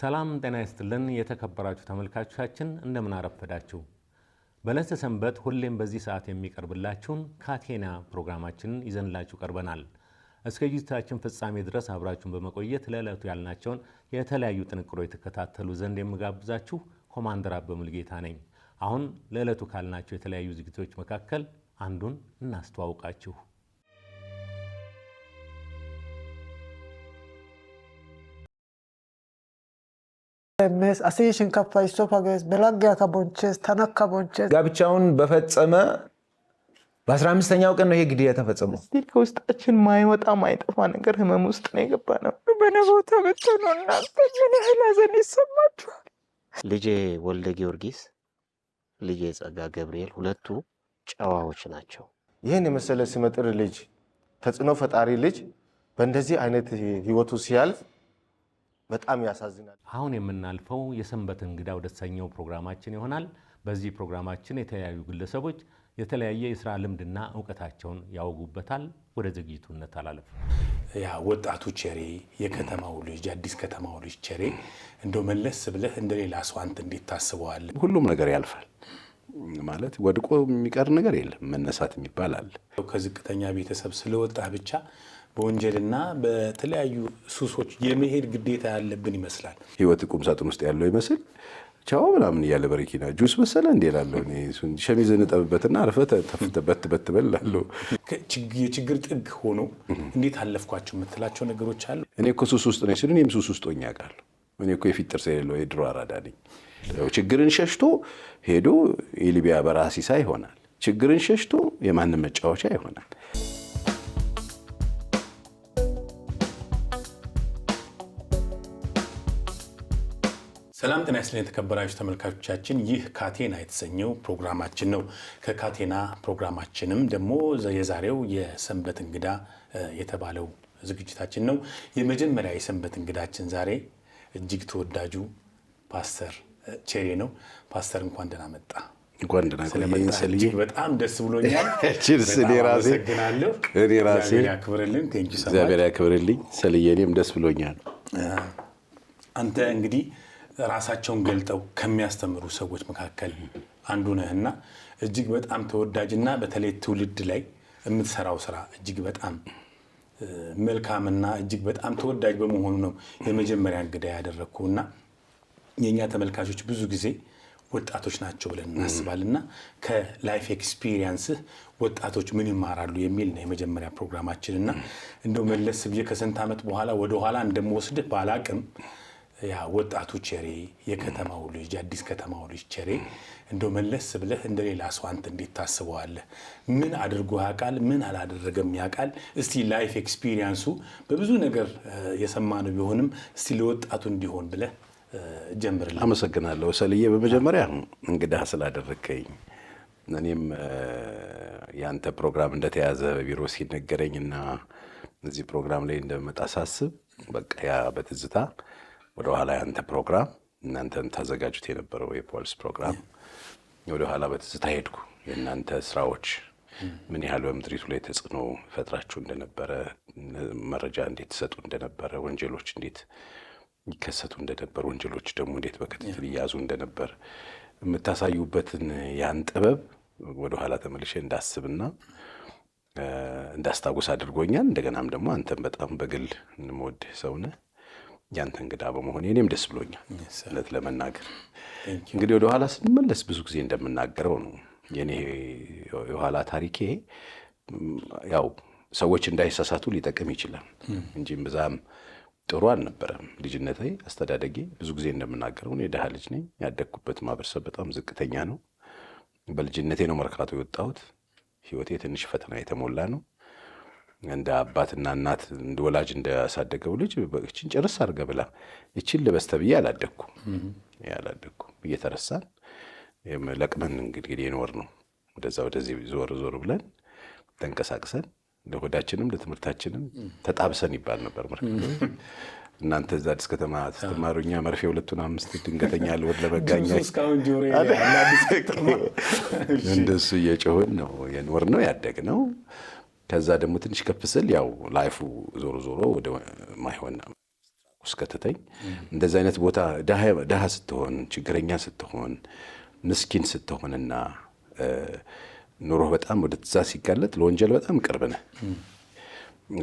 ሰላም ጤና ይስጥልን። የተከበራችሁ ተመልካቾቻችን እንደምን አረፈዳችሁ። በለተ ሰንበት ሁሌም በዚህ ሰዓት የሚቀርብላችሁን ካቴና ፕሮግራማችንን ይዘንላችሁ ቀርበናል። እስከ ዝግጅታችን ፍጻሜ ድረስ አብራችሁን በመቆየት ለዕለቱ ያልናቸውን የተለያዩ ጥንቅሮ የተከታተሉ ዘንድ የምጋብዛችሁ ኮማንደር አበበ ነኝ። አሁን ለዕለቱ ካልናቸው የተለያዩ ዝግጅቶች መካከል አንዱን እናስተዋውቃችሁ። ሜስ አሴሽን ሽንከፋ ሶፋገስ በላጊያ ከቦንቼስ ተነክ ከቦንቼስ ጋብቻውን በፈጸመ በአስራ አምስተኛው ቀን ነው ይሄ ግድያ ተፈጸመው። ስቲል ከውስጣችን ማይወጣ ማይጠፋ ነገር ህመም ውስጥ ነው የገባ ነው። በነቦው ተመቶ ነው። እናንተ ምን ያህል ሐዘን ይሰማችኋል? ልጄ ወልደ ጊዮርጊስ፣ ልጄ ጸጋ ገብርኤል ሁለቱ ጨዋዎች ናቸው። ይህን የመሰለ ስመጥር ልጅ፣ ተጽዕኖ ፈጣሪ ልጅ በእንደዚህ አይነት ህይወቱ ሲያልፍ በጣም ያሳዝናል። አሁን የምናልፈው የሰንበት እንግዳ ወደተሰኘው ፕሮግራማችን ይሆናል። በዚህ ፕሮግራማችን የተለያዩ ግለሰቦች የተለያየ የስራ ልምድና እውቀታቸውን ያወጉበታል። ወደ ዝግጅቱ እንተላለፍ። ያ ወጣቱ ቸሬ፣ የከተማው ልጅ፣ አዲስ ከተማው ልጅ ቸሬ እንደው መለስ ብለህ እንደ ሌላ ሰው አንተ እንዴት ታስበዋለህ? ሁሉም ነገር ያልፋል ማለት ወድቆ የሚቀር ነገር የለም። መነሳት የሚባል አለ። ከዝቅተኛ ቤተሰብ ስለወጣህ ብቻ በወንጀልና በተለያዩ ሱሶች የመሄድ ግዴታ ያለብን ይመስላል። ህይወት ቁም ሳጥን ውስጥ ያለው ይመስል ቻው ምናምን እያለ በረኪና ጁስ መሰለ እንዴ ላለሁ ሸሚዝ እንጠብበትና አረፈ ተፍተበት በትበላለሁ። የችግር ጥግ ሆኖ እንዴት አለፍኳቸው የምትላቸው ነገሮች አሉ። እኔ እኮ ሱስ ውስጥ ነኝ ሲሉ እኔም ሱስ ውስጥ ሆኜ አውቃለሁ። እኔ እኮ የፊት ጥርስ የሌለው የድሮ አራዳ ነኝ። ችግርን ሸሽቶ ሄዶ የሊቢያ በራሲሳ ይሆናል። ችግርን ሸሽቶ የማንም መጫወቻ ይሆናል። ሰላም ጤና ይስጥልኝ የተከበራችሁ ተመልካቾቻችን፣ ይህ ካቴና የተሰኘው ፕሮግራማችን ነው። ከካቴና ፕሮግራማችንም ደግሞ የዛሬው የሰንበት እንግዳ የተባለው ዝግጅታችን ነው። የመጀመሪያ የሰንበት እንግዳችን ዛሬ እጅግ ተወዳጁ ፓስተር ቼሬ ነው። ፓስተር እንኳን ደህና መጣ። በጣም ደስ ብሎኛል። እግዚአብሔር ያክብርልኝ። ሰልዬ እኔም ደስ ብሎኛል። አንተ እንግዲህ ራሳቸውን ገልጠው ከሚያስተምሩ ሰዎች መካከል አንዱ ነህና እጅግ በጣም ተወዳጅና በተለይ ትውልድ ላይ የምትሰራው ስራ እጅግ በጣም መልካምና እጅግ በጣም ተወዳጅ በመሆኑ ነው የመጀመሪያ እንግዳ ያደረግኩ እና የእኛ ተመልካቾች ብዙ ጊዜ ወጣቶች ናቸው ብለን እናስባልና ከላይፍ ኤክስፒሪየንስህ ወጣቶች ምን ይማራሉ የሚል ነው የመጀመሪያ ፕሮግራማችን እና እንደው መለስ ብዬ ከስንት ዓመት በኋላ ወደኋላ እንደምወስድህ ባላቅም ያ ወጣቱ ቸሬ የከተማው ልጅ አዲስ ከተማው ልጅ ቸሬ እንደ መለስ ብለህ እንደ ሌላ ሰው አንተ እንዴት ታስበዋለህ? ምን አድርጎ ያውቃል? ምን አላደረገም ያውቃል? እስቲ ላይፍ ኤክስፒሪየንሱ በብዙ ነገር የሰማነው ቢሆንም እስቲ ለወጣቱ እንዲሆን ብለህ ጀምርልኝ። አመሰግናለሁ ሰልዬ። በመጀመሪያ እንግዳ ስላደረከኝ እኔም ያንተ ፕሮግራም እንደተያዘ በቢሮ ሲነገረኝ እና እዚህ ፕሮግራም ላይ እንደመጣ ሳስብ በቃ ያ በትዝታ ወደ ኋላ ያንተ ፕሮግራም እናንተን ታዘጋጁት የነበረው የፖሊስ ፕሮግራም ወደ ኋላ በትዝታ ሄድኩ። የእናንተ ስራዎች ምን ያህል በምድሪቱ ላይ ተጽዕኖ ፈጥራችሁ እንደነበረ፣ መረጃ እንዴት ሰጡ እንደነበረ፣ ወንጀሎች እንዴት ይከሰቱ እንደነበር፣ ወንጀሎች ደግሞ እንዴት በክትትል ይያዙ እንደነበር የምታሳዩበትን ያን ጥበብ ወደኋላ ተመልሼ እንዳስብና እንዳስታውስ አድርጎኛል። እንደገናም ደግሞ አንተን በጣም በግል እንመወድህ ሰውነህ ያንተ እንግዳ በመሆኔ እኔም ደስ ብሎኛል። እውነት ለመናገር እንግዲህ ወደ ኋላ ስንመለስ ብዙ ጊዜ እንደምናገረው ነው የኔ የኋላ ታሪኬ ያው ሰዎች እንዳይሳሳቱ ሊጠቅም ይችላል hmm. እንጂ ብዛም ጥሩ አልነበረም። ልጅነቴ፣ አስተዳደጌ ብዙ ጊዜ እንደምናገረው እኔ ድሃ ልጅ ነኝ። ያደግኩበት ማህበረሰብ በጣም ዝቅተኛ ነው። በልጅነቴ ነው መርካቶ የወጣሁት። ህይወቴ ትንሽ ፈተና የተሞላ ነው። እንደ አባትና እናት እንደ ወላጅ እንዳሳደገው ልጅ እችን ጨርስ አድርገህ ብላ እችን ልበስ ተብዬ አላደግኩም አላደግኩም። እየተረሳን ለቅመን እንግዲህ የኖር ነው። ወደዛ ወደዚህ ዞር ዞር ብለን ተንቀሳቅሰን ለሆዳችንም ለትምህርታችንም ተጣብሰን ይባል ነበር። እናንተ እዛ አዲስ ከተማ ስትማሩ እኛ መርፌ ሁለቱን አምስት ድንገተኛ ልወድ ለመጋኛ እንደሱ እየጮህን ነው የኖር ነው ያደግ ነው። ከዛ ደግሞ ትንሽ ከፍ ስል ያው ላይፉ ዞሮ ዞሮ ወደ ማይሆን ውስጥ እንደዚ አይነት ቦታ ድሃ ስትሆን፣ ችግረኛ ስትሆን፣ ምስኪን ስትሆንና ኑሮህ በጣም ወደ ትዛ ሲጋለጥ ለወንጀል በጣም ቅርብ ነህ።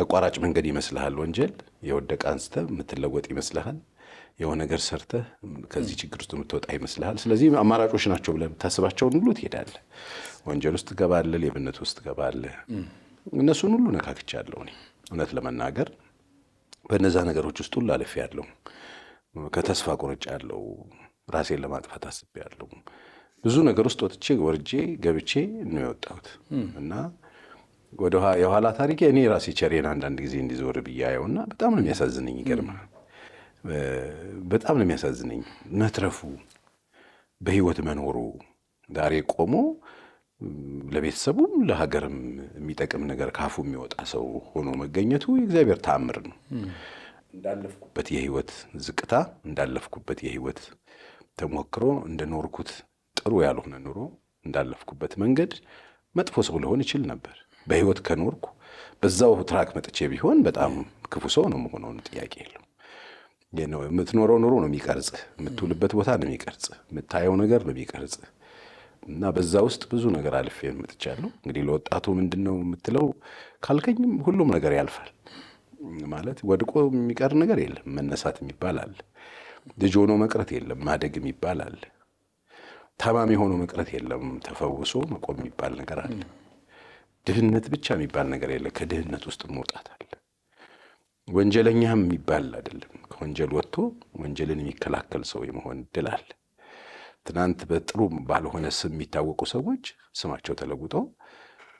አቋራጭ መንገድ ይመስልሃል ወንጀል። የወደቀ አንስተ የምትለወጥ ይመስልሃል። የሆነ ነገር ሰርተህ ከዚህ ችግር ውስጥ የምትወጣ ይመስልሃል። ስለዚህ አማራጮች ናቸው ብለህ የምታስባቸውን ሁሉ ትሄዳለህ። ወንጀል ውስጥ ትገባለህ። ሌብነት ውስጥ ትገባለህ። እነሱን ሁሉ ነካክቻለሁ። እኔ እውነት ለመናገር በነዛ ነገሮች ውስጥ ሁሉ ያለው ከተስፋ ቆርጫለሁ። ራሴን ለማጥፋት አስቤያለሁ። ብዙ ነገር ውስጥ ወጥቼ ወርጄ ገብቼ ነው የወጣሁት እና የኋላ ታሪክ እኔ ራሴ ቸሬን አንዳንድ ጊዜ እንዲዞር ብያየውና በጣም ነው የሚያሳዝነኝ። ይገርምሃል፣ በጣም ነው የሚያሳዝነኝ። መትረፉ በህይወት መኖሩ ዛሬ ቆሞ ለቤተሰቡም ለሀገርም የሚጠቅም ነገር ካፉ የሚወጣ ሰው ሆኖ መገኘቱ የእግዚአብሔር ተአምር ነው። እንዳለፍኩበት የህይወት ዝቅታ፣ እንዳለፍኩበት የህይወት ተሞክሮ፣ እንደኖርኩት ጥሩ ያልሆነ ኑሮ፣ እንዳለፍኩበት መንገድ መጥፎ ሰው ልሆን ይችል ነበር። በህይወት ከኖርኩ በዛው ትራክ መጥቼ ቢሆን በጣም ክፉ ሰው ነው መሆነውን ጥያቄ የለው። የምትኖረው ኑሮ ነው የሚቀርጽ፣ የምትውልበት ቦታ ነው የሚቀርጽ፣ የምታየው ነገር ነው የሚቀርጽ እና በዛ ውስጥ ብዙ ነገር አልፌ መጥቻለሁ። እንግዲህ ለወጣቱ ምንድን ነው የምትለው ካልከኝም ሁሉም ነገር ያልፋል ማለት ወድቆ የሚቀር ነገር የለም። መነሳት የሚባል አለ። ልጅ ሆኖ መቅረት የለም። ማደግ የሚባል አለ። ታማሚ ሆኖ መቅረት የለም። ተፈውሶ መቆም የሚባል ነገር አለ። ድህነት ብቻ የሚባል ነገር የለ። ከድህነት ውስጥ መውጣት አለ። ወንጀለኛም የሚባል አይደለም። ከወንጀል ወጥቶ ወንጀልን የሚከላከል ሰው የመሆን እድል አለ። ትናንት በጥሩ ባልሆነ ስም የሚታወቁ ሰዎች ስማቸው ተለውጦ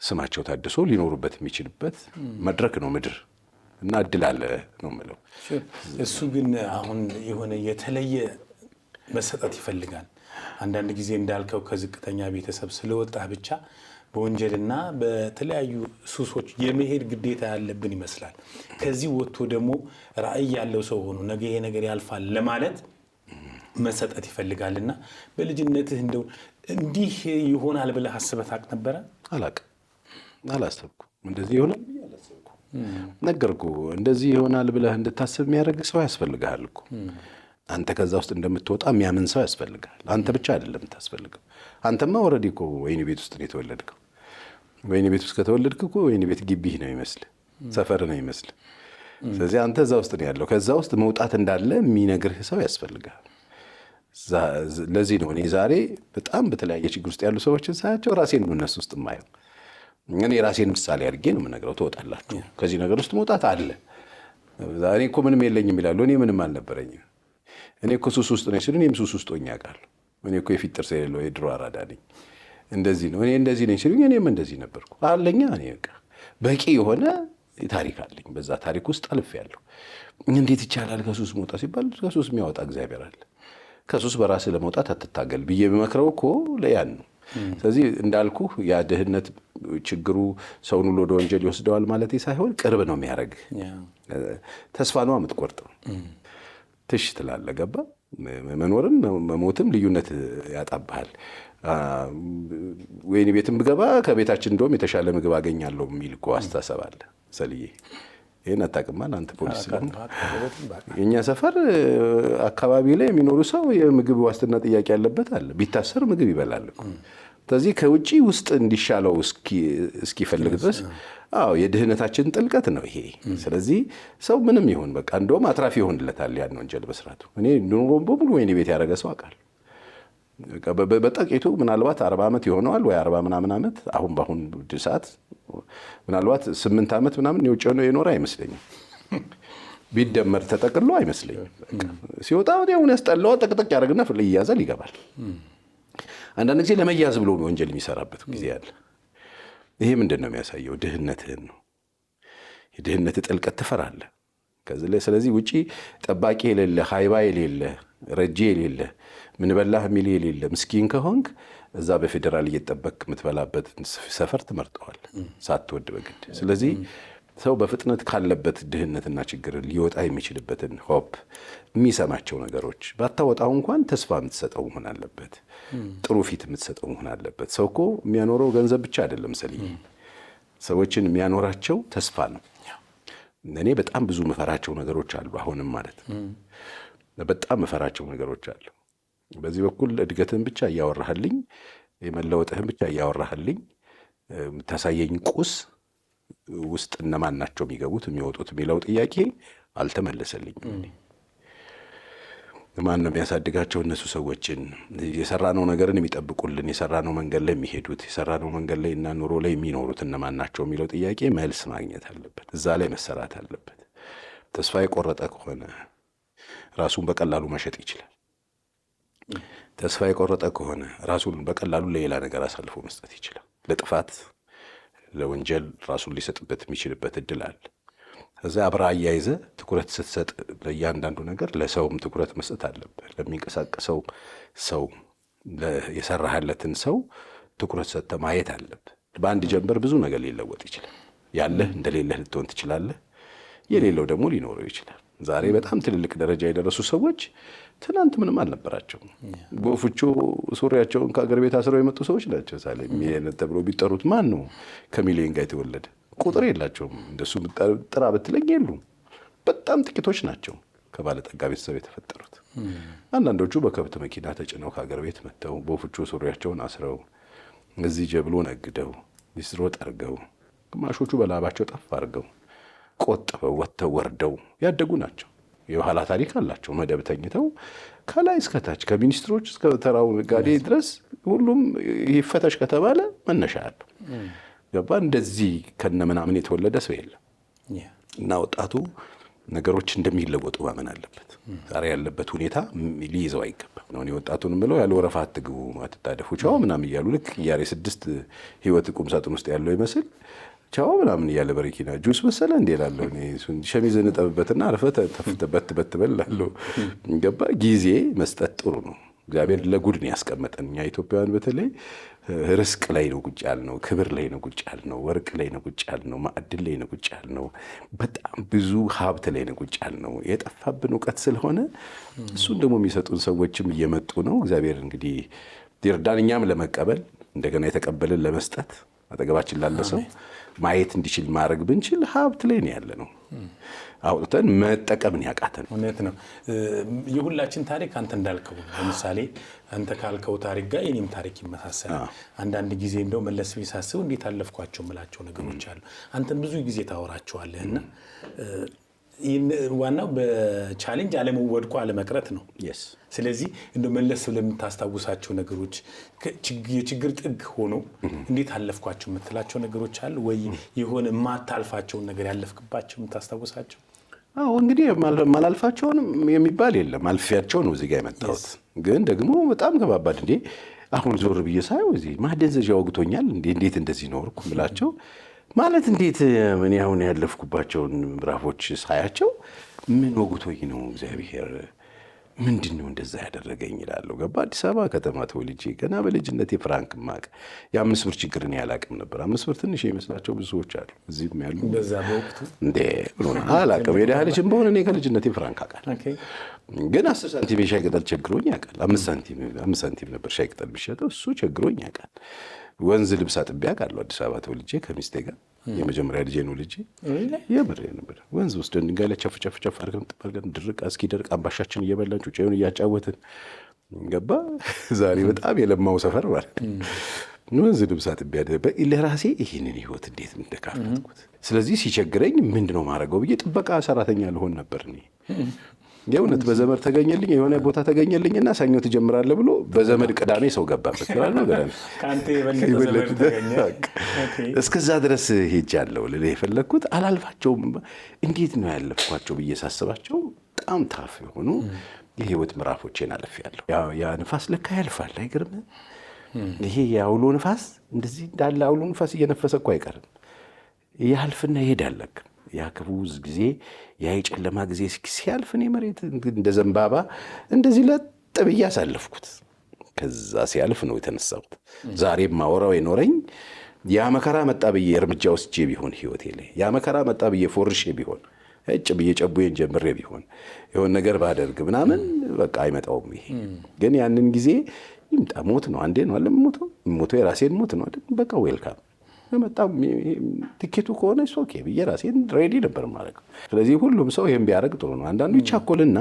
ስማቸው ታድሶ ሊኖሩበት የሚችልበት መድረክ ነው ምድር እና እድል አለ ነው ምለው። እሱ ግን አሁን የሆነ የተለየ መሰጠት ይፈልጋል። አንዳንድ ጊዜ እንዳልከው ከዝቅተኛ ቤተሰብ ስለወጣ ብቻ በወንጀልና በተለያዩ ሱሶች የመሄድ ግዴታ ያለብን ይመስላል። ከዚህ ወጥቶ ደግሞ ራዕይ ያለው ሰው ሆኖ ነገ ይሄ ነገር ያልፋል ለማለት መሰጠት ይፈልጋልና በልጅነትህ እንደው እንዲህ ይሆናል ብለህ አስበህ ታውቅ ነበረ? አላውቅም፣ አላሰብኩም። እንደዚህ ይሆናል ብዬ ነገርኩ፣ እንደዚህ ይሆናል ብለህ እንድታስብ የሚያደርግ ሰው ያስፈልግሃል እኮ አንተ ከዛ ውስጥ እንደምትወጣ የሚያምን ሰው ያስፈልግሃል። አንተ ብቻ አይደለም የምታስፈልገው። አንተማ ወረዲ እኮ ወይኒ ቤት ውስጥ ነው የተወለድከው። ወይኒ ቤት ውስጥ ከተወለድክ እኮ ወይኒ ቤት ግቢህ ነው ይመስል፣ ሰፈር ነው ይመስል። ስለዚህ አንተ እዛ ውስጥ ነው ያለው። ከዛ ውስጥ መውጣት እንዳለ የሚነግርህ ሰው ያስፈልግሃል። ለዚህ ነው እኔ ዛሬ በጣም በተለያየ ችግር ውስጥ ያሉ ሰዎችን ሳያቸው ራሴን ነው እነሱ ውስጥ የማየው። እኔ ራሴን ምሳሌ አድርጌ ነው የምነግረው። ትወጣላችሁ፣ ከዚህ ነገር ውስጥ መውጣት አለ። እኔ እኮ ምንም የለኝም ይላሉ። እኔ ምንም አልነበረኝም። እኔ እኮ ሱስ ውስጥ ነኝ ሲሉ እኔም ሱስ ውስጥ ሆኜ አውቃለሁ። እኔ እኮ የፊት ጥርስ የሌለው የድሮ አራዳ ነኝ፣ እንደዚህ ነው እኔ እንደዚህ ነኝ ሲሉኝ፣ እኔም እንደዚህ ነበርኩ አለኛ። እኔ በቃ በቂ የሆነ ታሪክ አለኝ። በዛ ታሪክ ውስጥ አልፌያለሁ። እንዴት ይቻላል ከሱስ መውጣት ሲባል ከሱስ የሚያወጣ እግዚአብሔር አለ። ከሱስ በራስህ ለመውጣት አትታገል ብዬ ብመክረው እኮ ለያን ነው። ስለዚህ እንዳልኩ ያ ድህነት ችግሩ ሰውን ሁሉ ወደ ወንጀል ይወስደዋል ማለት ሳይሆን ቅርብ ነው የሚያደርግ ተስፋ ነው የምትቆርጥ ትሽ ትላለ ገባ መኖርም መሞትም ልዩነት ያጣብሃል። ወይን ቤትም ብገባ ከቤታችን እንደውም የተሻለ ምግብ አገኛለሁ የሚል እኮ አስተሳሰብ አለ ሰልዬ ይህን አታውቅም አለ አንተ ፖሊስ። የእኛ ሰፈር አካባቢ ላይ የሚኖሩ ሰው የምግብ ዋስትና ጥያቄ ያለበት አለ። ቢታሰር ምግብ ይበላል። ስለዚህ ከውጭ ውስጥ እንዲሻለው እስኪፈልግ ድረስ አዎ የድህነታችን ጥልቀት ነው ይሄ። ስለዚህ ሰው ምንም ይሁን በቃ እንደውም አትራፊ ይሆንለታል ያን ወንጀል በስራቱ። እኔ ኑሮ በሙሉ ወይኔ ቤት ያደረገ ሰው አውቃለሁ። በጥቂቱ ምናልባት አርባ ዓመት ይሆነዋል ወይ አርባ ምናምን ዓመት አሁን በአሁን ሰዓት ምናልባት ስምንት ዓመት ምናምን የውጭ ሆነ የኖረ አይመስለኝም። ቢደመር ተጠቅሎ አይመስለኝም። ሲወጣ ሁን ያስጠለዋ ጠቅጠቅ ያደርግና ፍል ይያዛል፣ ይገባል። አንዳንድ ጊዜ ለመያዝ ብሎ ወንጀል የሚሰራበት ጊዜ አለ። ይሄ ምንድን ነው የሚያሳየው? ድህነትህን ነው። የድህነት ጥልቀት ትፈራለህ። ስለዚህ ውጪ ጠባቂ የሌለ ሀይባ የሌለ ረጄ የሌለ ምንበላህ ሚል የሚል የሌለ ምስኪን ከሆንክ እዛ በፌዴራል እየጠበቅ የምትበላበት ሰፈር ትመርጠዋል ሳትወድ በግድ። ስለዚህ ሰው በፍጥነት ካለበት ድህነትና ችግር ሊወጣ የሚችልበትን ሆፕ የሚሰማቸው ነገሮች ባታወጣው እንኳን ተስፋ የምትሰጠው መሆን አለበት። ጥሩ ፊት የምትሰጠው መሆን አለበት። ሰው እኮ የሚያኖረው ገንዘብ ብቻ አይደለም። ስለ ሰዎችን የሚያኖራቸው ተስፋ ነው። እኔ በጣም ብዙ መፈራቸው ነገሮች አሉ አሁንም ማለት ነው። በጣም መፈራቸው ነገሮች አሉ። በዚህ በኩል እድገትህን ብቻ እያወራህልኝ፣ የመለወጥህን ብቻ እያወራህልኝ የምታሳየኝ ቁስ ውስጥ እነማን ናቸው የሚገቡት የሚወጡት የሚለው ጥያቄ አልተመለሰልኝም። ማን ነው የሚያሳድጋቸው እነሱ ሰዎችን? የሰራነው ነገርን የሚጠብቁልን፣ የሰራነው መንገድ ላይ የሚሄዱት፣ የሰራነው መንገድ ላይ እና ኑሮ ላይ የሚኖሩት እነማን ናቸው የሚለው ጥያቄ መልስ ማግኘት አለበት። እዛ ላይ መሰራት አለበት። ተስፋ የቆረጠ ከሆነ ራሱን በቀላሉ መሸጥ ይችላል። ተስፋ የቆረጠ ከሆነ ራሱን በቀላሉ ለሌላ ነገር አሳልፎ መስጠት ይችላል። ለጥፋት፣ ለወንጀል ራሱን ሊሰጥበት የሚችልበት እድል አለ። እዚያ አብራ አያይዘ ትኩረት ስትሰጥ ለእያንዳንዱ ነገር ለሰውም ትኩረት መስጠት አለብህ። ለሚንቀሳቀሰው ሰው የሰራህለትን ሰው ትኩረት ሰጥተህ ማየት አለብህ። በአንድ ጀንበር ብዙ ነገር ሊለወጥ ይችላል። ያለህ እንደሌለህ ልትሆን ትችላለህ። የሌለው ደግሞ ሊኖረው ይችላል። ዛሬ በጣም ትልልቅ ደረጃ የደረሱ ሰዎች ትናንት ምንም አልነበራቸው። በፉቾ ሱሪያቸውን ከአገር ቤት አስረው የመጡ ሰዎች ናቸው። ሳ ሚሊየነር ተብሎ ቢጠሩት ማን ነው ከሚሊየን ጋር የተወለደ? ቁጥር የላቸውም። እንደሱ ጥራ ብትለኝ የሉም። በጣም ጥቂቶች ናቸው ከባለጠጋ ቤተሰብ የተፈጠሩት። አንዳንዶቹ በከብት መኪና ተጭነው ከአገር ቤት መጥተው በፉቾ ሱሪያቸውን አስረው እዚህ ጀብሎ ነግደው ሊስሮ ጠርገው፣ ግማሾቹ በላባቸው ጠፍ አድርገው ቆጥበው ወጥተው ወርደው ያደጉ ናቸው። የኋላ ታሪክ አላቸው። መደብ ተኝተው ከላይ እስከታች ከሚኒስትሮች እስከ ተራው ነጋዴ ድረስ ሁሉም ይፈተሽ ከተባለ መነሻ አለው። ገባ እንደዚህ ከነ ምናምን የተወለደ ሰው የለም እና ወጣቱ ነገሮች እንደሚለወጡ ማመን አለበት። ዛሬ ያለበት ሁኔታ ሊይዘው አይገባም ነው። ወጣቱን ብለው ያለ ወረፋ አትግቡ፣ አትጣደፉ፣ ቻው ምናምን እያሉ ልክ ቅያሬ ስድስት ህይወት ቁም ሳጥን ውስጥ ያለው ይመስል ቻው ምናምን እያለ በረኪና ጁስ መሰለ እንዴ ላለሁ ሸሚዝ እንጠብበትና አረፈ ተፍተበት በትበላለሁ። ገባ ጊዜ መስጠት ጥሩ ነው። እግዚአብሔር ለጉድ ነው ያስቀመጠን። እኛ ኢትዮጵያውያን በተለይ ርስቅ ላይ ነው ቁጭ ያልነው፣ ክብር ላይ ነው ቁጭ ያልነው፣ ወርቅ ላይ ነው ቁጭ ያልነው፣ ማዕድን ላይ ነው ቁጭ ያልነው፣ በጣም ብዙ ሀብት ላይ ነው ቁጭ ያልነው። የጠፋብን እውቀት ስለሆነ እሱን ደግሞ የሚሰጡን ሰዎችም እየመጡ ነው። እግዚአብሔር እንግዲህ ይርዳን፣ እኛም ለመቀበል እንደገና የተቀበልን ለመስጠት አጠገባችን ላለ ሰው ማየት እንዲችል ማድረግ ብንችል ሀብት ላይ ነው ያለ ነው አውጥተን መጠቀምን ያቃተን እውነት ነው። የሁላችን ታሪክ አንተ እንዳልከው ለምሳሌ አንተ ካልከው ታሪክ ጋር የኔም ታሪክ ይመሳሰላል። አንዳንድ ጊዜ እንደው መለስ ሳስብ እንዴት አለፍኳቸው የምላቸው ነገሮች አሉ። አንተን ብዙ ጊዜ ታወራቸዋለህ እና ዋናው በቻሌንጅ አለመወድቆ አለመቅረት ነው። ስለዚህ እንደ መለስ ለምታስታውሳቸው ነገሮች የችግር ጥግ ሆኖ እንዴት አለፍኳቸው የምትላቸው ነገሮች አሉ ወይ? የሆነ የማታልፋቸውን ነገር ያለፍክባቸው የምታስታውሳቸው? አዎ እንግዲህ ማላልፋቸውንም የሚባል የለም። አልፊያቸው ነው እዚጋ የመጣሁት። ግን ደግሞ በጣም ከባባድ እንዴ አሁን ዞር ብዬ ሳየው እዚህ ማደንዘዣ ወግቶኛል። እንዴት እንደዚህ ኖርኩ ብላቸው ማለት እንዴት እኔ አሁን ያለፍኩባቸውን ምዕራፎች ሳያቸው ምን ወጉቶኝ ነው እግዚአብሔር ምንድን ነው እንደዛ ያደረገኝ ይላለሁ። ገባ አዲስ አበባ ከተማ ተወልጄ ገና በልጅነት የፍራንክ ማቅ የአምስት ብር ችግርን ያላቅም ነበር። አምስት ብር ትንሽ የሚመስላቸው ብዙ ሰዎች አሉ፣ እዚህም ያሉ አላቅም ሄዳ ልጅም በሆነ እኔ ከልጅነት የፍራንክ አቃል ግን አስር ሳንቲም የሻይ ቅጠል ቸግሮኝ ያውቃል። አምስት ሳንቲም ነበር ሻይ ቅጠል የሚሸጠው እሱ ቸግሮኝ ያውቃል። ወንዝ ልብስ አጥቤ አውቃለሁ። አዲስ አበባ ተወልጄ ከሚስቴ ጋር የመጀመሪያ ልጄ ነው ልጄ የምር ነበር። ወንዝ ውስጥ ድንጋይ ላይ ቸፍ ቸፍ ጨፍ አድርገን ጥበርገን ድርቅ እስኪ ደርቅ አምባሻችን እየበላን ጩጬውን እያጫወትን ገባ። ዛሬ በጣም የለማው ሰፈር ማለት ወንዝ ልብስ አጥቤ ለራሴ ይህንን ህይወት እንዴት እንደካፈትኩት። ስለዚህ ሲቸግረኝ ምንድነው ማድረገው ብዬ ጥበቃ ሰራተኛ ልሆን ነበር እኔ የእውነት በዘመድ ተገኘልኝ የሆነ ቦታ ተገኘልኝ ተገኘልኝና ሰኞ ትጀምራለህ ብሎ በዘመድ ቅዳሜ ሰው ገባበት እስከዛ ድረስ ሄጃለሁ ልልህ የፈለግኩት አላልፋቸውም። እንዴት ነው ያለፍኳቸው ብዬ ሳስባቸው በጣም ታፍ የሆኑ የህይወት ምዕራፎቼን አልፌያለሁ። ያ ንፋስ ለካ ያልፋል አይገርም። ይሄ የአውሎ ንፋስ እንደዚህ እንዳለ አውሎ ንፋስ እየነፈሰ እኮ አይቀርም፣ ያልፍና ይሄዳል። ያ ክፉ ጊዜ ያ የጨለማ ጊዜ ሲያልፍ እኔ መሬት እንደ ዘንባባ እንደዚህ ለጥ ብዬ አሳለፍኩት። ከዛ ሲያልፍ ነው የተነሳሁት። ዛሬ ማወራው የኖረኝ ያ መከራ መጣ ብዬ እርምጃ ወስጄ ቢሆን ህይወቴ ላይ ያ መከራ መጣ ብዬ ፎርሼ ቢሆን እጭ ብዬ ጨቡዬን ጀምሬ ቢሆን የሆን ነገር ባደርግ ምናምን በቃ አይመጣውም። ይሄ ግን ያንን ጊዜ ይምጣ ሞት ነው። አንዴ ነው አለ ሞተው የራሴን ሞት ነው በቃ ዌልካም በጣም ትኬቱ ከሆነ ኦኬ ብዬ ራሴን ሬዲ ነበር ማለት ነው። ስለዚህ ሁሉም ሰው ይህም ቢያደርግ ጥሩ ነው። አንዳንዱ ይቻኮልና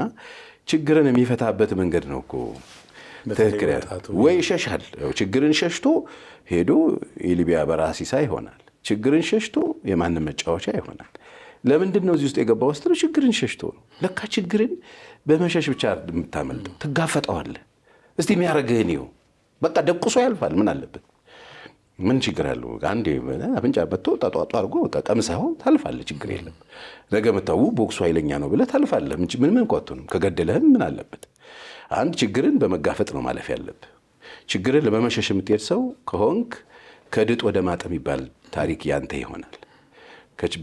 ችግርን የሚፈታበት መንገድ ነው እኮ ትክክል ወይ ይሸሻል። ችግርን ሸሽቶ ሄዶ የሊቢያ በራሲሳ ይሆናል። ችግርን ሸሽቶ የማንም መጫወቻ ይሆናል። ለምንድን ነው እዚህ ውስጥ የገባ ውስጥ ነው? ችግርን ሸሽቶ ነው። ለካ ችግርን በመሸሽ ብቻ የምታመልጠው ትጋፈጠዋለህ። እስቲ የሚያደርግህን ይኸው በቃ ደቁሶ ያልፋል። ምን አለበት? ምን ችግር አለው? አንዴ አፍንጫ በቶ ጣጧጧ አድርጎ በቃ ቀምሰው ታልፋለ። ችግር የለም። ነገ መታው ቦክሱ ኃይለኛ ነው ብለ ታልፋለ ምን ምን ኳቱንም ከገደለህም ምን አለበት? አንድ ችግርን በመጋፈጥ ነው ማለፍ ያለብ። ችግርን ለመመሸሽ የምትሄድ ሰው ከሆንክ ከድጥ ወደ ማጥ የሚባል ታሪክ ያንተ ይሆናል።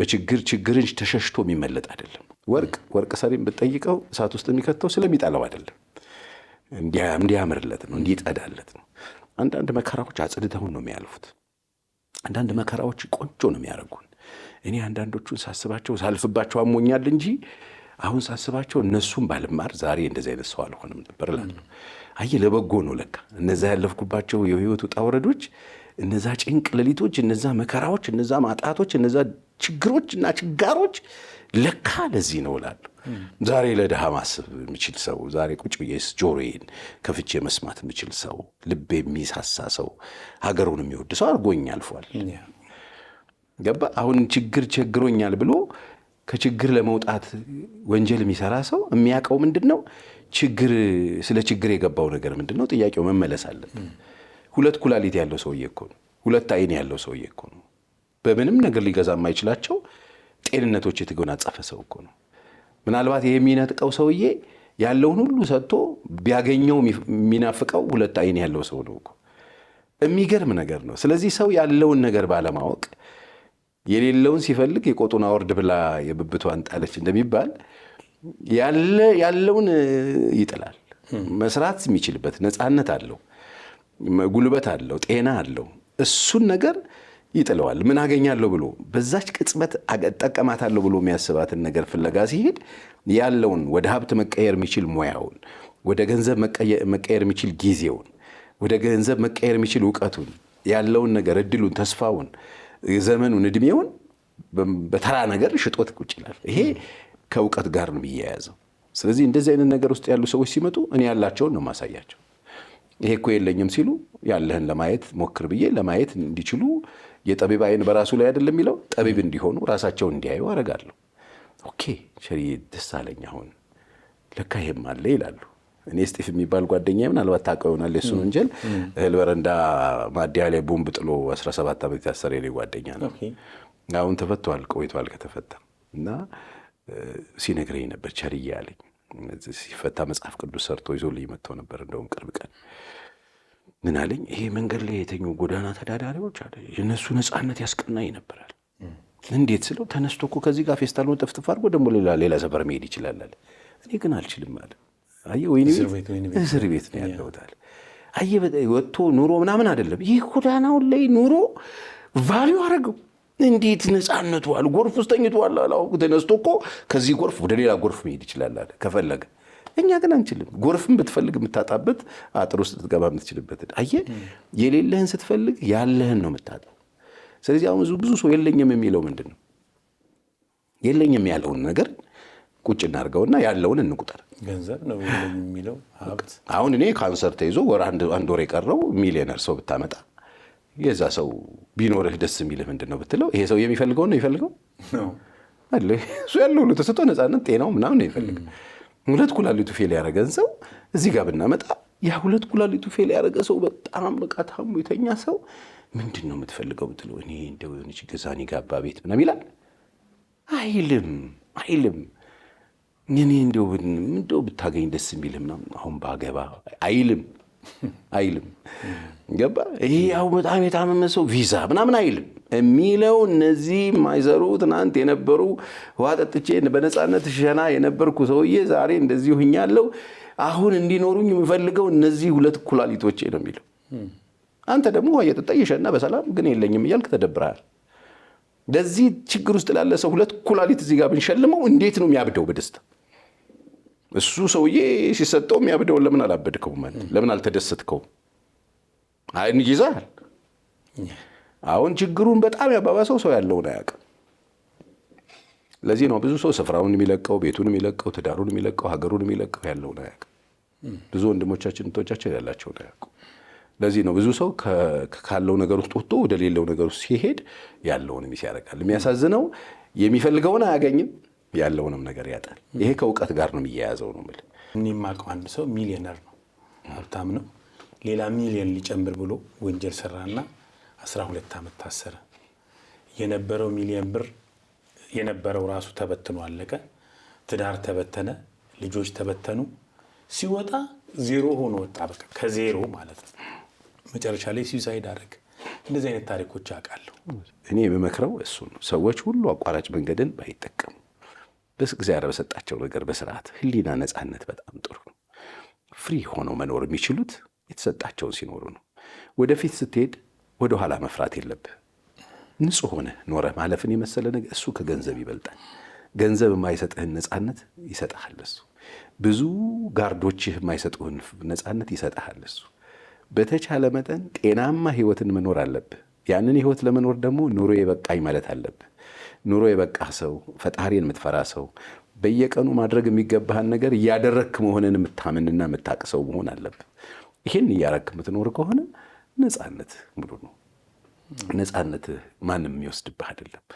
በችግር ችግርን ተሸሽቶ የሚመለጥ አይደለም። ወርቅ ወርቅ ሰሪም ብትጠይቀው እሳት ውስጥ የሚከተው ስለሚጠላው አይደለም፣ እንዲያምርለት ነው፣ እንዲጠዳለት ነው። አንዳንድ መከራዎች አጽድተውን ነው የሚያልፉት። አንዳንድ መከራዎች ቆንጆ ነው የሚያደርጉን። እኔ አንዳንዶቹን ሳስባቸው ሳልፍባቸው አሞኛል እንጂ አሁን ሳስባቸው እነሱን ባልማር ዛሬ እንደዚ አይነት ሰው አልሆንም ነበር እላለሁ። አየ ለበጎ ነው ለካ እነዛ ያለፍኩባቸው የህይወት ውጣ ውረዶች፣ እነዛ ጭንቅ ሌሊቶች፣ እነዛ መከራዎች፣ እነዛ ማጣቶች፣ እነዛ ችግሮች እና ችጋሮች ለካ ለዚህ ነው እላለሁ። ዛሬ ለድሃ ማስብ የምችል ሰው፣ ዛሬ ቁጭ ብዬ ጆሮዬን ከፍቼ መስማት የምችል ሰው፣ ልቤ የሚሳሳ ሰው፣ ሀገሩን የሚወድ ሰው አድርጎኝ አልፏል። ገባ አሁን ችግር ቸግሮኛል ብሎ ከችግር ለመውጣት ወንጀል የሚሰራ ሰው የሚያውቀው ምንድን ነው? ችግር ስለ ችግር የገባው ነገር ምንድን ነው? ጥያቄው መመለስ አለበት። ሁለት ኩላሊት ያለው ሰውዬ እኮ ነው። ሁለት አይን ያለው ሰውዬ እኮ ነው። በምንም ነገር ሊገዛ የማይችላቸው ጤንነቶች የተጎናጸፈ ሰው እኮ ነው። ምናልባት ይህ የሚነጥቀው ሰውዬ ያለውን ሁሉ ሰጥቶ ቢያገኘው የሚናፍቀው ሁለት አይን ያለው ሰው ነው እኮ። የሚገርም ነገር ነው። ስለዚህ ሰው ያለውን ነገር ባለማወቅ የሌለውን ሲፈልግ የቆጡን አወርድ ብላ የብብቷን ጣለች እንደሚባል ያለውን ይጥላል። መስራት የሚችልበት ነፃነት አለው፣ ጉልበት አለው፣ ጤና አለው። እሱን ነገር ይጥለዋል። ምን አገኛለሁ ብሎ በዛች ቅጽበት ጠቀማታለሁ ብሎ የሚያስባትን ነገር ፍለጋ ሲሄድ ያለውን ወደ ሀብት መቀየር የሚችል ሙያውን፣ ወደ ገንዘብ መቀየር የሚችል ጊዜውን፣ ወደ ገንዘብ መቀየር የሚችል እውቀቱን፣ ያለውን ነገር እድሉን፣ ተስፋውን፣ ዘመኑን፣ እድሜውን በተራ ነገር ሽጦት ቁጭ ይላል። ይሄ ከእውቀት ጋር ነው የሚያያዘው። ስለዚህ እንደዚህ አይነት ነገር ውስጥ ያሉ ሰዎች ሲመጡ እኔ ያላቸውን ነው ማሳያቸው። ይሄ እኮ የለኝም ሲሉ ያለህን ለማየት ሞክር ብዬ ለማየት እንዲችሉ የጠቢብ አይን በራሱ ላይ አይደለም የሚለው ጠቢብ እንዲሆኑ ራሳቸውን እንዲያዩ አደርጋለሁ። ኦኬ ሸሪዬ ደስ አለኝ፣ አሁን ለካ ይሄም አለ ይላሉ። እኔ ስጢፍ የሚባል ጓደኛ ምናልባት ታውቀው ይሆናል። የሱን ወንጀል እህል በረንዳ ማዲያ ላይ ቦምብ ጥሎ 17 ዓመት የታሰረ የእኔ ጓደኛ ነው። አሁን ተፈቷል፣ ቆይቷል ከተፈታ እና ሲነግረኝ ነበር ቸርዬ አለኝ ሲፈታ መጽሐፍ ቅዱስ ሰርቶ ልይ መጥተው ነበር። እንደውም ቅርብ ቀን ምን አለኝ፣ ይሄ መንገድ ላይ የተኙ ጎዳና ተዳዳሪዎች አለ የእነሱ ነፃነት ያስቀናኝ ነበራል። እንዴት ስለው ተነስቶ እኮ ከዚህ ጋር ፌስታሉን ጠፍጥፍ አድርጎ ደግሞ ሌላ ሌላ ሰፈር መሄድ ይችላል አለ። እኔ ግን አልችልም አለ። አየ ወይኔ እስር ቤት ነው ያለውታል። አየ ወጥቶ ኑሮ ምናምን አይደለም ይህ ጎዳናውን ላይ ኑሮ ቫሊዩ አረገው እንዴት ነፃነቱ አሉ። ጎርፍ ውስጥ ተኝቷል አለ። አሁን ተነስቶ እኮ ከዚህ ጎርፍ ወደ ሌላ ጎርፍ መሄድ ይችላል አለ ከፈለገ። እኛ ግን አንችልም። ጎርፍን ብትፈልግ የምታጣበት አጥር ውስጥ ትገባ የምትችልበት አየህ። የሌለህን ስትፈልግ ያለህን ነው የምታጣው። ስለዚህ አሁን ብዙ ሰው የለኝም የሚለው ምንድን ነው? የለኝም ያለውን ነገር ቁጭ እናድርገውና ያለውን እንቁጠር። ገንዘብ ነው የለኝም የሚለው ሀብት። አሁን እኔ ካንሰር ተይዞ ወር አንድ ወር የቀረው ሚሊዮነር ሰው ብታመጣ የዛ ሰው ቢኖርህ ደስ የሚልህ ምንድን ነው ብትለው ይሄ ሰው የሚፈልገው ነው የሚፈልገው እሱ ያለው ሁሉ ተሰጥቶ ነፃነት፣ ጤናው ምናምን ነው የሚፈልግ። ሁለት ኩላሊቱ ፌል ያደረገን ሰው እዚህ ጋር ብናመጣ ያ ሁለት ኩላሊቱ ፌል ያደረገ ሰው በጣም በቃ ታሞ የተኛ ሰው ምንድን ነው የምትፈልገው ብትለው እኔ እንደው የሆነች ገዛኔ ጋባ ቤት ምናምን ይላል። አይልም አይልም። እኔ እንደው ብታገኝ ደስ የሚልህ ምናምን አሁን ባገባ አይልም። አይልም። ገባ ይሄ ያው በጣም የታመመ ሰው ቪዛ ምናምን አይልም የሚለው እነዚህ ማይዘሩ ትናንት የነበሩ ውሃ ጠጥቼ በነፃነት ሸና የነበርኩ ሰውዬ ዛሬ እንደዚህ ሁኛለው አሁን እንዲኖሩኝ የምፈልገው እነዚህ ሁለት ኩላሊቶቼ ነው የሚለው። አንተ ደግሞ ውሃ እየጠጣ እየሸና በሰላም ግን የለኝም እያልክ ተደብረሃል። ለዚህ ችግር ውስጥ ላለ ሰው ሁለት ኩላሊት እዚህ ጋር ብንሸልመው እንዴት ነው የሚያብደው በደስታ እሱ ሰውዬ ሲሰጠው የሚያብደውን ለምን አላበድከውም? ለምን አይን ይዛል። አሁን ችግሩን በጣም ያባባሰው ሰው ያለውን አያውቅም። ለዚህ ነው ብዙ ሰው ስፍራውን የሚለቀው፣ ቤቱን የሚለቀው፣ ትዳሩን የሚለቀው፣ ሀገሩን የሚለቀው ያለውን አያውቅም። ብዙ ወንድሞቻችን እህቶቻችን ያላቸውን አያውቁም። ለዚህ ነው ብዙ ሰው ካለው ነገር ውስጥ ወጥቶ ወደ ሌለው ነገር ውስጥ ሲሄድ ያለውን ሚስ ያደርጋል። የሚያሳዝነው የሚፈልገውን አያገኝም። ያለውንም ነገር ያጣል። ይሄ ከእውቀት ጋር ነው የሚያያዘው ነው ምል እኔ የማውቀው አንድ ሰው ሚሊዮነር ነው፣ ሀብታም ነው። ሌላ ሚሊዮን ሊጨምር ብሎ ወንጀል ሰራና ሁለት ዓመት ታሰረ። የነበረው ሚሊዮን ብር የነበረው ራሱ ተበትኖ አለቀ። ትዳር ተበተነ፣ ልጆች ተበተኑ። ሲወጣ ዜሮ ሆኖ ወጣ፣ በቃ ከዜሮ ማለት ነው። መጨረሻ ላይ ሲዩሳይድ አድረግ። እንደዚህ አይነት ታሪኮች አውቃለሁ። እኔ የምመክረው እሱ ነው። ሰዎች ሁሉ አቋራጭ መንገድን ባይጠቀሙ እግዚአብሔር በሰጣቸው ነገር በስርዓት ህሊና ነፃነት በጣም ጥሩ ነው። ፍሪ ሆነው መኖር የሚችሉት የተሰጣቸውን ሲኖሩ ነው። ወደፊት ስትሄድ ወደኋላ መፍራት የለብህ። ንጹህ ሆነ ኖረ ማለፍን የመሰለ ነገር እሱ ከገንዘብ ይበልጣል። ገንዘብ የማይሰጥህን ነፃነት ይሰጥሃል እሱ። ብዙ ጋርዶችህ የማይሰጡህን ነፃነት ይሰጣል እሱ። በተቻለ መጠን ጤናማ ህይወትን መኖር አለብህ። ያንን ህይወት ለመኖር ደግሞ ኑሮ የበቃኝ ማለት አለብህ። ኑሮ የበቃ ሰው፣ ፈጣሪን የምትፈራ ሰው፣ በየቀኑ ማድረግ የሚገባህን ነገር እያደረግክ መሆንን የምታምንና የምታቅ ሰው መሆን አለብህ። ይህን እያረክ የምትኖር ከሆነ ነፃነት ሙሉ ነው። ነፃነትህ ማንም የሚወስድብህ አይደለም።